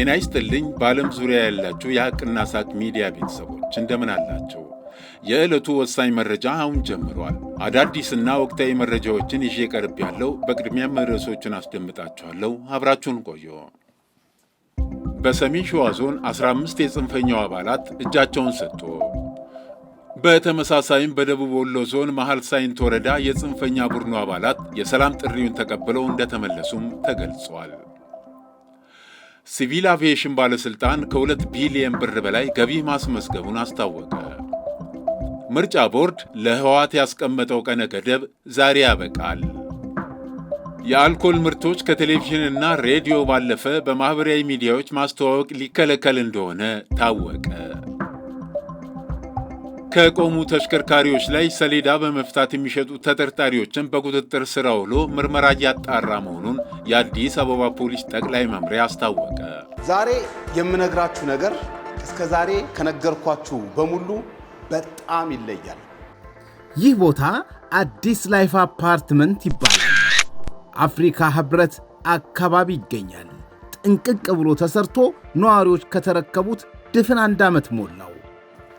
ጤና ይስጥልኝ። በዓለም ዙሪያ ያላችሁ የሐቅና ሳቅ ሚዲያ ቤተሰቦች አድማጮች እንደምን አላቸው? የዕለቱ ወሳኝ መረጃ አሁን ጀምሯል። አዳዲስና ወቅታዊ መረጃዎችን ይዤ ቀርብ ያለው። በቅድሚያም ርዕሶቹን አስደምጣችኋለሁ። አብራችሁን ቆዩ። በሰሜን ሸዋ ዞን 15 የጽንፈኛው አባላት እጃቸውን ሰጡ። በተመሳሳይም በደቡብ ወሎ ዞን መሐል ሳይንት ወረዳ የጽንፈኛ ቡድኑ አባላት የሰላም ጥሪውን ተቀብለው እንደተመለሱም ተገልጿል። ሲቪል አቪዬሽን ባለሥልጣን ከ2 ቢሊየን ብር በላይ ገቢ ማስመዝገቡን አስታወቀ። ምርጫ ቦርድ ለህወሓት ያስቀመጠው ቀነ ገደብ ዛሬ ያበቃል። የአልኮል ምርቶች ከቴሌቪዥንና ሬዲዮ ባለፈ በማኅበራዊ ሚዲያዎች ማስተዋወቅ ሊከለከል እንደሆነ ታወቀ። ከቆሙ ተሽከርካሪዎች ላይ ሰሌዳ በመፍታት የሚሸጡ ተጠርጣሪዎችን በቁጥጥር ስር አውሎ ምርመራ እያጣራ መሆኑን የአዲስ አበባ ፖሊስ ጠቅላይ መምሪያ አስታወቀ። ዛሬ የምነግራችሁ ነገር እስከ ዛሬ ከነገርኳችሁ በሙሉ በጣም ይለያል። ይህ ቦታ አዲስ ላይፍ አፓርትመንት ይባላል። አፍሪካ ህብረት አካባቢ ይገኛል። ጥንቅቅ ብሎ ተሰርቶ ነዋሪዎች ከተረከቡት ድፍን አንድ ዓመት ሞላው።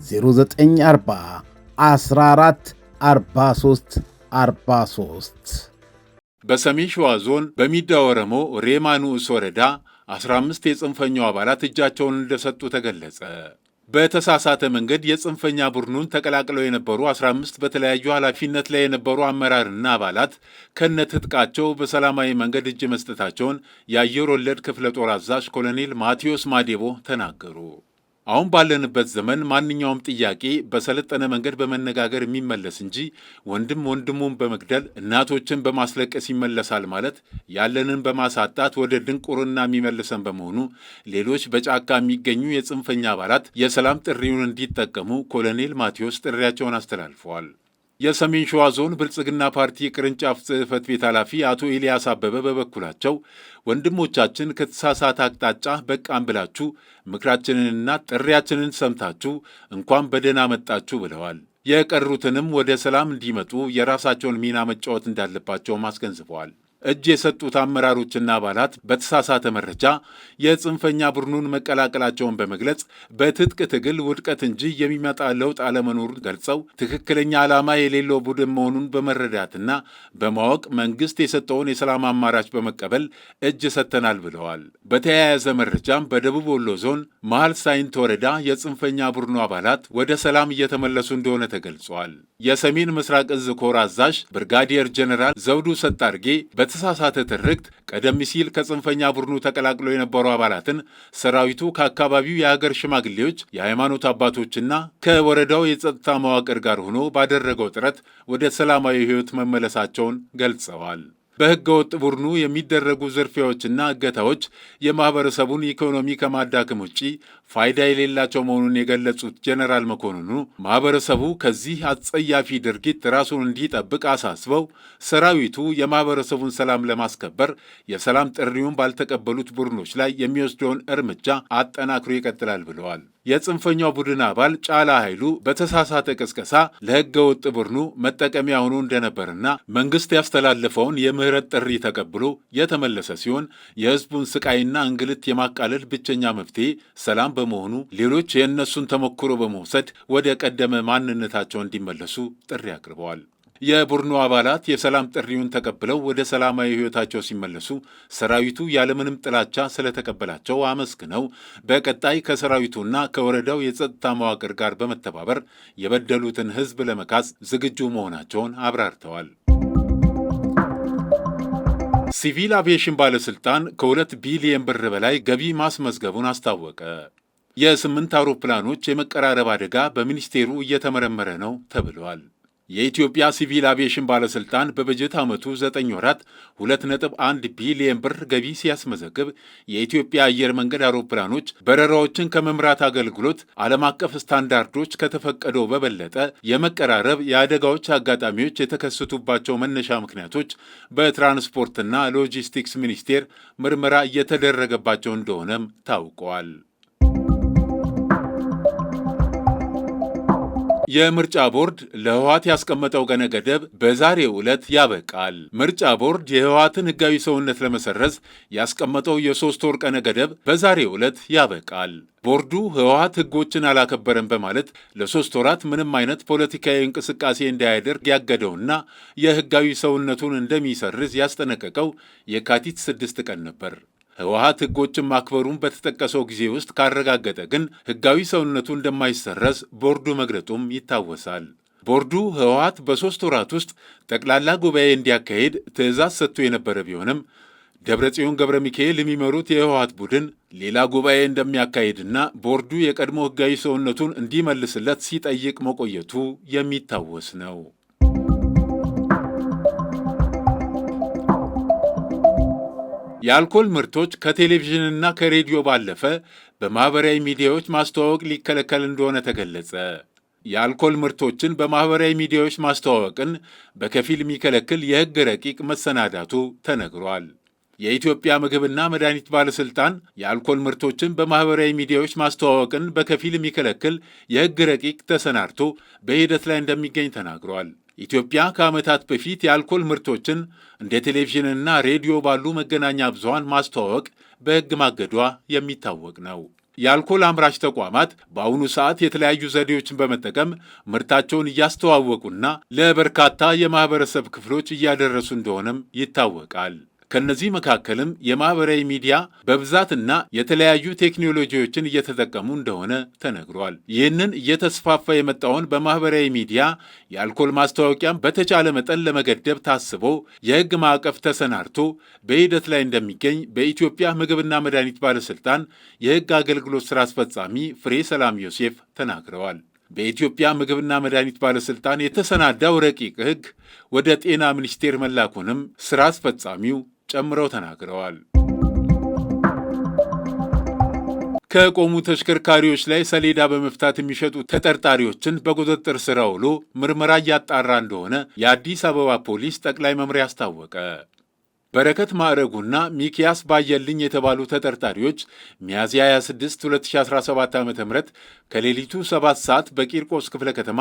0940 14 43 43 በሰሜን ሸዋ ዞን በሚዳ ወረሞ ሬማ ንዑስ ወረዳ 15 የጽንፈኛው አባላት እጃቸውን እንደሰጡ ተገለጸ። በተሳሳተ መንገድ የጽንፈኛ ቡድኑን ተቀላቅለው የነበሩ 15 በተለያዩ ኃላፊነት ላይ የነበሩ አመራርና አባላት ከነትጥቃቸው በሰላማዊ መንገድ እጅ መስጠታቸውን የአየር ወለድ ክፍለ ጦር አዛዥ ኮሎኔል ማቴዎስ ማዴቦ ተናገሩ። አሁን ባለንበት ዘመን ማንኛውም ጥያቄ በሰለጠነ መንገድ በመነጋገር የሚመለስ እንጂ ወንድም ወንድሙን በመግደል እናቶችን በማስለቀስ ይመለሳል ማለት ያለንን በማሳጣት ወደ ድንቁርና የሚመልሰን በመሆኑ ሌሎች በጫካ የሚገኙ የጽንፈኛ አባላት የሰላም ጥሪውን እንዲጠቀሙ ኮሎኔል ማቴዎስ ጥሪያቸውን አስተላልፈዋል። የሰሜን ሸዋ ዞን ብልጽግና ፓርቲ ቅርንጫፍ ጽህፈት ቤት ኃላፊ አቶ ኤልያስ አበበ በበኩላቸው ወንድሞቻችን ከተሳሳተ አቅጣጫ በቃም ብላችሁ ምክራችንንና ጥሪያችንን ሰምታችሁ እንኳን በደህና መጣችሁ ብለዋል። የቀሩትንም ወደ ሰላም እንዲመጡ የራሳቸውን ሚና መጫወት እንዳለባቸውም አስገንዝበዋል። እጅ የሰጡት አመራሮችና አባላት በተሳሳተ መረጃ የጽንፈኛ ቡድኑን መቀላቀላቸውን በመግለጽ በትጥቅ ትግል ውድቀት እንጂ የሚመጣ ለውጥ አለመኖሩን ገልጸው ትክክለኛ ዓላማ የሌለው ቡድን መሆኑን በመረዳትና በማወቅ መንግስት የሰጠውን የሰላም አማራጭ በመቀበል እጅ ሰጥተናል ብለዋል። በተያያዘ መረጃም በደቡብ ወሎ ዞን መሃል ሳይንት ወረዳ የጽንፈኛ ቡድኑ አባላት ወደ ሰላም እየተመለሱ እንደሆነ ተገልጿል። የሰሜን ምስራቅ እዝ ኮር አዛዥ ብርጋዲየር ጀኔራል ዘውዱ ሰጣርጌ የተሳሳተ ትርክት ቀደም ሲል ከጽንፈኛ ቡድኑ ተቀላቅሎ የነበሩ አባላትን ሰራዊቱ ከአካባቢው የሀገር ሽማግሌዎች፣ የሃይማኖት አባቶችና ከወረዳው የጸጥታ መዋቅር ጋር ሆኖ ባደረገው ጥረት ወደ ሰላማዊ ሕይወት መመለሳቸውን ገልጸዋል። በሕገ ወጥ ቡድኑ የሚደረጉ ዝርፊያዎችና እገታዎች የማህበረሰቡን ኢኮኖሚ ከማዳክም ውጪ ፋይዳ የሌላቸው መሆኑን የገለጹት ጀነራል መኮንኑ ማህበረሰቡ ከዚህ አጸያፊ ድርጊት ራሱን እንዲጠብቅ አሳስበው ሰራዊቱ የማህበረሰቡን ሰላም ለማስከበር የሰላም ጥሪውን ባልተቀበሉት ቡድኖች ላይ የሚወስደውን እርምጃ አጠናክሮ ይቀጥላል ብለዋል። የጽንፈኛው ቡድን አባል ጫላ ኃይሉ በተሳሳተ ቅስቀሳ ለሕገ ወጥ ቡድኑ መጠቀሚያ ሆኖ እንደነበርና መንግስት ያስተላለፈውን የምህረት ጥሪ ተቀብሎ የተመለሰ ሲሆን የህዝቡን ስቃይና እንግልት የማቃለል ብቸኛ መፍትሄ ሰላም በመሆኑ ሌሎች የእነሱን ተሞክሮ በመውሰድ ወደ ቀደመ ማንነታቸው እንዲመለሱ ጥሪ አቅርበዋል። የቡድኑ አባላት የሰላም ጥሪውን ተቀብለው ወደ ሰላማዊ ሕይወታቸው ሲመለሱ ሰራዊቱ ያለምንም ጥላቻ ስለተቀበላቸው አመስግነው በቀጣይ ከሰራዊቱና ከወረዳው የጸጥታ መዋቅር ጋር በመተባበር የበደሉትን ሕዝብ ለመካስ ዝግጁ መሆናቸውን አብራርተዋል። ሲቪል አቪዬሽን ባለሥልጣን ከሁለት ቢሊየን ብር በላይ ገቢ ማስመዝገቡን አስታወቀ። የስምንት አውሮፕላኖች የመቀራረብ አደጋ በሚኒስቴሩ እየተመረመረ ነው ተብሏል። የኢትዮጵያ ሲቪል አቪዬሽን ባለስልጣን በበጀት ዓመቱ 9 ወራት 2.1 ቢሊየን ብር ገቢ ሲያስመዘግብ የኢትዮጵያ አየር መንገድ አውሮፕላኖች በረራዎችን ከመምራት አገልግሎት ዓለም አቀፍ ስታንዳርዶች ከተፈቀደው በበለጠ የመቀራረብ የአደጋዎች አጋጣሚዎች የተከሰቱባቸው መነሻ ምክንያቶች በትራንስፖርትና ሎጂስቲክስ ሚኒስቴር ምርመራ እየተደረገባቸው እንደሆነም ታውቀዋል። የምርጫ ቦርድ ለህወሓት ያስቀመጠው ቀነ ገደብ በዛሬው ዕለት ያበቃል። ምርጫ ቦርድ የህወሓትን ህጋዊ ሰውነት ለመሰረዝ ያስቀመጠው የሶስት ወር ቀነ ገደብ በዛሬው ዕለት ያበቃል። ቦርዱ ህወሓት ህጎችን አላከበረም በማለት ለሶስት ወራት ምንም አይነት ፖለቲካዊ እንቅስቃሴ እንዳያደርግ ያገደውና የህጋዊ ሰውነቱን እንደሚሰርዝ ያስጠነቀቀው የካቲት ስድስት ቀን ነበር። ህወሀት ህጎችን ማክበሩን በተጠቀሰው ጊዜ ውስጥ ካረጋገጠ ግን ህጋዊ ሰውነቱ እንደማይሰረዝ ቦርዱ መግለጡም ይታወሳል። ቦርዱ ህወሀት በሦስት ወራት ውስጥ ጠቅላላ ጉባኤ እንዲያካሄድ ትዕዛዝ ሰጥቶ የነበረ ቢሆንም ደብረጽዮን ገብረ ሚካኤል የሚመሩት የህወሀት ቡድን ሌላ ጉባኤ እንደሚያካሄድና ቦርዱ የቀድሞ ህጋዊ ሰውነቱን እንዲመልስለት ሲጠይቅ መቆየቱ የሚታወስ ነው። የአልኮል ምርቶች ከቴሌቪዥንና ከሬዲዮ ባለፈ በማኅበራዊ ሚዲያዎች ማስተዋወቅ ሊከለከል እንደሆነ ተገለጸ። የአልኮል ምርቶችን በማኅበራዊ ሚዲያዎች ማስተዋወቅን በከፊል የሚከለክል የሕግ ረቂቅ መሰናዳቱ ተነግሯል። የኢትዮጵያ ምግብና መድኃኒት ባለሥልጣን የአልኮል ምርቶችን በማኅበራዊ ሚዲያዎች ማስተዋወቅን በከፊል የሚከለክል የሕግ ረቂቅ ተሰናድቶ በሂደት ላይ እንደሚገኝ ተናግረዋል። ኢትዮጵያ ከዓመታት በፊት የአልኮል ምርቶችን እንደ ቴሌቪዥንና ሬዲዮ ባሉ መገናኛ ብዙኃን ማስተዋወቅ በሕግ ማገዷ የሚታወቅ ነው። የአልኮል አምራች ተቋማት በአሁኑ ሰዓት የተለያዩ ዘዴዎችን በመጠቀም ምርታቸውን እያስተዋወቁና ለበርካታ የማኅበረሰብ ክፍሎች እያደረሱ እንደሆነም ይታወቃል። ከነዚህ መካከልም የማህበራዊ ሚዲያ በብዛትና የተለያዩ ቴክኖሎጂዎችን እየተጠቀሙ እንደሆነ ተነግሯል። ይህንን እየተስፋፋ የመጣውን በማህበራዊ ሚዲያ የአልኮል ማስታወቂያም በተቻለ መጠን ለመገደብ ታስቦ የህግ ማዕቀፍ ተሰናድቶ በሂደት ላይ እንደሚገኝ በኢትዮጵያ ምግብና መድኃኒት ባለስልጣን የህግ አገልግሎት ስራ አስፈጻሚ ፍሬ ሰላም ዮሴፍ ተናግረዋል። በኢትዮጵያ ምግብና መድኃኒት ባለስልጣን የተሰናዳው ረቂቅ ህግ ወደ ጤና ሚኒስቴር መላኩንም ስራ አስፈጻሚው ጨምረው ተናግረዋል። ከቆሙ ተሽከርካሪዎች ላይ ሰሌዳ በመፍታት የሚሸጡ ተጠርጣሪዎችን በቁጥጥር ስር አውሎ ምርመራ እያጣራ እንደሆነ የአዲስ አበባ ፖሊስ ጠቅላይ መምሪያ አስታወቀ። በረከት ማዕረጉና ሚኪያስ ባየልኝ የተባሉ ተጠርጣሪዎች ሚያዝያ 26 2017 ዓ ም ከሌሊቱ 7 ሰዓት በቂርቆስ ክፍለ ከተማ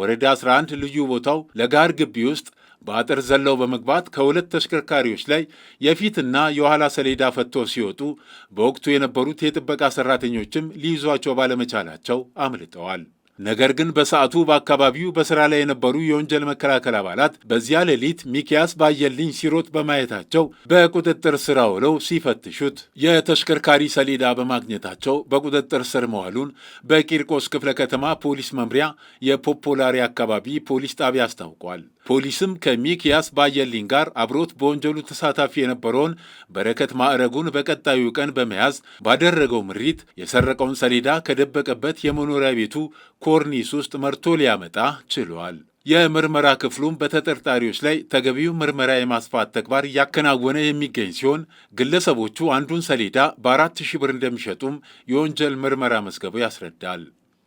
ወረዳ 11 ልዩ ቦታው ለጋር ግቢ ውስጥ በአጥር ዘለው በመግባት ከሁለት ተሽከርካሪዎች ላይ የፊትና የኋላ ሰሌዳ ፈቶ ሲወጡ በወቅቱ የነበሩት የጥበቃ ሰራተኞችም ሊይዟቸው ባለመቻላቸው አምልጠዋል። ነገር ግን በሰዓቱ በአካባቢው በስራ ላይ የነበሩ የወንጀል መከላከል አባላት በዚያ ሌሊት ሚኪያስ ባየልኝ ሲሮጥ በማየታቸው በቁጥጥር ስር አውለው ሲፈትሹት የተሽከርካሪ ሰሌዳ በማግኘታቸው በቁጥጥር ስር መዋሉን በቂርቆስ ክፍለ ከተማ ፖሊስ መምሪያ የፖፖላሪ አካባቢ ፖሊስ ጣቢያ አስታውቋል። ፖሊስም ከሚኪያስ ባየልኝ ጋር አብሮት በወንጀሉ ተሳታፊ የነበረውን በረከት ማዕረጉን በቀጣዩ ቀን በመያዝ ባደረገው ምሪት የሰረቀውን ሰሌዳ ከደበቀበት የመኖሪያ ቤቱ ኮርኒስ ውስጥ መርቶ ሊያመጣ ችሏል። የምርመራ ክፍሉም በተጠርጣሪዎች ላይ ተገቢው ምርመራ የማስፋት ተግባር እያከናወነ የሚገኝ ሲሆን ግለሰቦቹ አንዱን ሰሌዳ በአራት ሺህ ብር እንደሚሸጡም የወንጀል ምርመራ መዝገቡ ያስረዳል።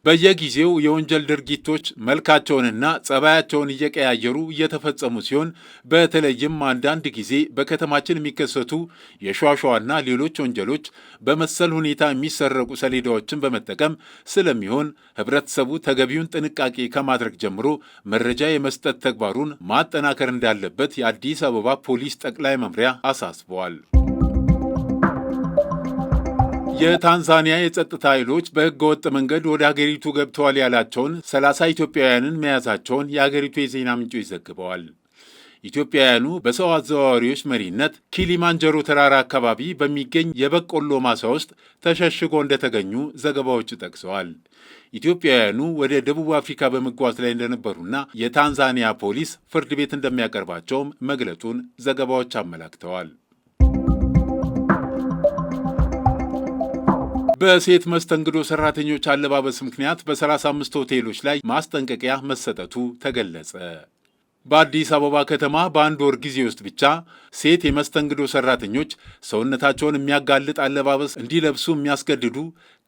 በየጊዜው የወንጀል ድርጊቶች መልካቸውንና ጸባያቸውን እየቀያየሩ እየተፈጸሙ ሲሆን በተለይም አንዳንድ ጊዜ በከተማችን የሚከሰቱ የሸዋሸዋና ሌሎች ወንጀሎች በመሰል ሁኔታ የሚሰረቁ ሰሌዳዎችን በመጠቀም ስለሚሆን ህብረተሰቡ ተገቢውን ጥንቃቄ ከማድረግ ጀምሮ መረጃ የመስጠት ተግባሩን ማጠናከር እንዳለበት የአዲስ አበባ ፖሊስ ጠቅላይ መምሪያ አሳስበዋል። የታንዛኒያ የጸጥታ ኃይሎች በህገ ወጥ መንገድ ወደ ሀገሪቱ ገብተዋል ያላቸውን ሰላሳ ኢትዮጵያውያንን መያዛቸውን የሀገሪቱ የዜና ምንጮች ዘግበዋል። ኢትዮጵያውያኑ በሰው አዘዋዋሪዎች መሪነት ኪሊማንጀሮ ተራራ አካባቢ በሚገኝ የበቆሎ ማሳ ውስጥ ተሸሽጎ እንደተገኙ ዘገባዎቹ ጠቅሰዋል። ኢትዮጵያውያኑ ወደ ደቡብ አፍሪካ በመጓዝ ላይ እንደነበሩና የታንዛኒያ ፖሊስ ፍርድ ቤት እንደሚያቀርባቸውም መግለጹን ዘገባዎች አመላክተዋል። በሴት መስተንግዶ ሰራተኞች አለባበስ ምክንያት በ35 ሆቴሎች ላይ ማስጠንቀቂያ መሰጠቱ ተገለጸ። በአዲስ አበባ ከተማ በአንድ ወር ጊዜ ውስጥ ብቻ ሴት የመስተንግዶ ሰራተኞች ሰውነታቸውን የሚያጋልጥ አለባበስ እንዲለብሱ የሚያስገድዱ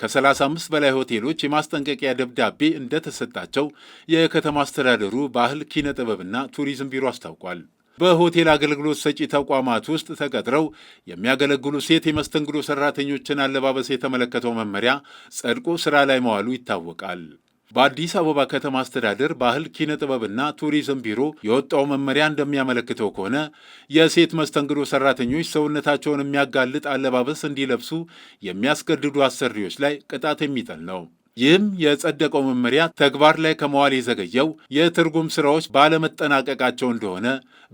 ከ35 በላይ ሆቴሎች የማስጠንቀቂያ ደብዳቤ እንደተሰጣቸው የከተማ አስተዳደሩ ባህል ኪነ ጥበብና ቱሪዝም ቢሮ አስታውቋል። በሆቴል አገልግሎት ሰጪ ተቋማት ውስጥ ተቀጥረው የሚያገለግሉ ሴት የመስተንግዶ ሰራተኞችን አለባበስ የተመለከተው መመሪያ ጸድቆ ስራ ላይ መዋሉ ይታወቃል። በአዲስ አበባ ከተማ አስተዳደር ባህል ኪነ ጥበብና ቱሪዝም ቢሮ የወጣው መመሪያ እንደሚያመለክተው ከሆነ የሴት መስተንግዶ ሰራተኞች ሰውነታቸውን የሚያጋልጥ አለባበስ እንዲለብሱ የሚያስገድዱ አሰሪዎች ላይ ቅጣት የሚጥል ነው። ይህም የጸደቀው መመሪያ ተግባር ላይ ከመዋል የዘገየው የትርጉም ስራዎች ባለመጠናቀቃቸው እንደሆነ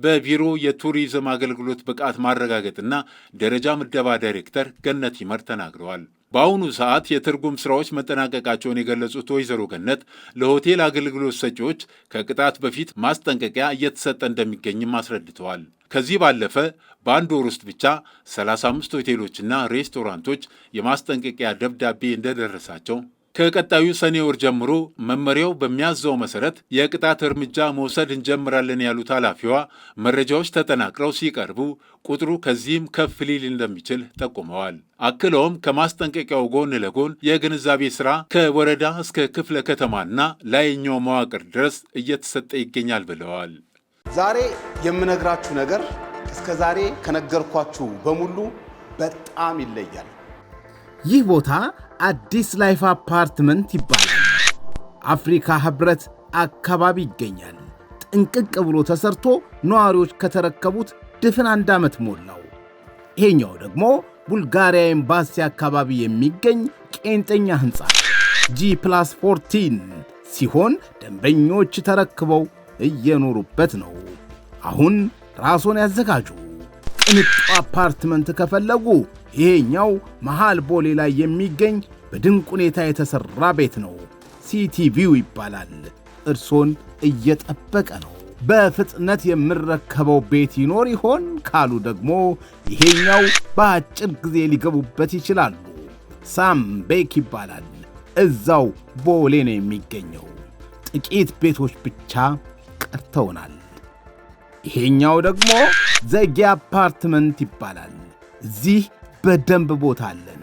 በቢሮ የቱሪዝም አገልግሎት ብቃት ማረጋገጥና ደረጃ ምደባ ዳይሬክተር ገነት ይመር ተናግረዋል። በአሁኑ ሰዓት የትርጉም ስራዎች መጠናቀቃቸውን የገለጹት ወይዘሮ ገነት ለሆቴል አገልግሎት ሰጪዎች ከቅጣት በፊት ማስጠንቀቂያ እየተሰጠ እንደሚገኝም አስረድተዋል። ከዚህ ባለፈ በአንድ ወር ውስጥ ብቻ 35 ሆቴሎችና ሬስቶራንቶች የማስጠንቀቂያ ደብዳቤ እንደደረሳቸው ከቀጣዩ ሰኔ ወር ጀምሮ መመሪያው በሚያዘው መሰረት የቅጣት እርምጃ መውሰድ እንጀምራለን ያሉት ኃላፊዋ መረጃዎች ተጠናቅረው ሲቀርቡ ቁጥሩ ከዚህም ከፍ ሊል እንደሚችል ጠቁመዋል። አክለውም ከማስጠንቀቂያው ጎን ለጎን የግንዛቤ ስራ ከወረዳ እስከ ክፍለ ከተማና ላይኛው መዋቅር ድረስ እየተሰጠ ይገኛል ብለዋል። ዛሬ የምነግራችሁ ነገር እስከ ዛሬ ከነገርኳችሁ በሙሉ በጣም ይለያል። ይህ ቦታ አዲስ ላይፍ አፓርትመንት ይባላል። አፍሪካ ህብረት አካባቢ ይገኛል። ጥንቅቅ ብሎ ተሰርቶ ነዋሪዎች ከተረከቡት ድፍን አንድ ዓመት ሞላው። ይሄኛው ደግሞ ቡልጋሪያ ኤምባሲ አካባቢ የሚገኝ ቄንጠኛ ሕንፃ ጂ ፕላስ 14 ሲሆን ደንበኞች ተረክበው እየኖሩበት ነው። አሁን ራስዎን ያዘጋጁ። ቅንጡ አፓርትመንት ከፈለጉ ይሄኛው መሃል ቦሌ ላይ የሚገኝ በድንቅ ሁኔታ የተሠራ ቤት ነው። ሲቲቪው ይባላል። እርሶን እየጠበቀ ነው። በፍጥነት የምረከበው ቤት ይኖር ይሆን ካሉ ደግሞ ይሄኛው በአጭር ጊዜ ሊገቡበት ይችላሉ። ሳም ቤክ ይባላል። እዛው ቦሌ ነው የሚገኘው። ጥቂት ቤቶች ብቻ ቀርተውናል። ይሄኛው ደግሞ ዘጌ አፓርትመንት ይባላል። እዚህ በደንብ ቦታ አለን።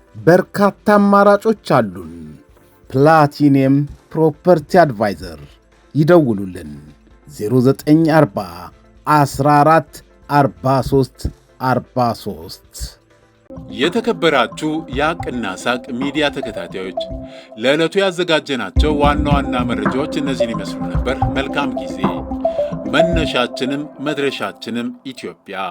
በርካታ አማራጮች አሉን። ፕላቲኒየም ፕሮፐርቲ አድቫይዘር ይደውሉልን 0940 14 43 43 የተከበራችሁ የአቅና ሳቅ ሚዲያ ተከታታዮች ለዕለቱ ያዘጋጀናቸው ዋና ዋና መረጃዎች እነዚህን ይመስሉ ነበር። መልካም ጊዜ። መነሻችንም መድረሻችንም ኢትዮጵያ።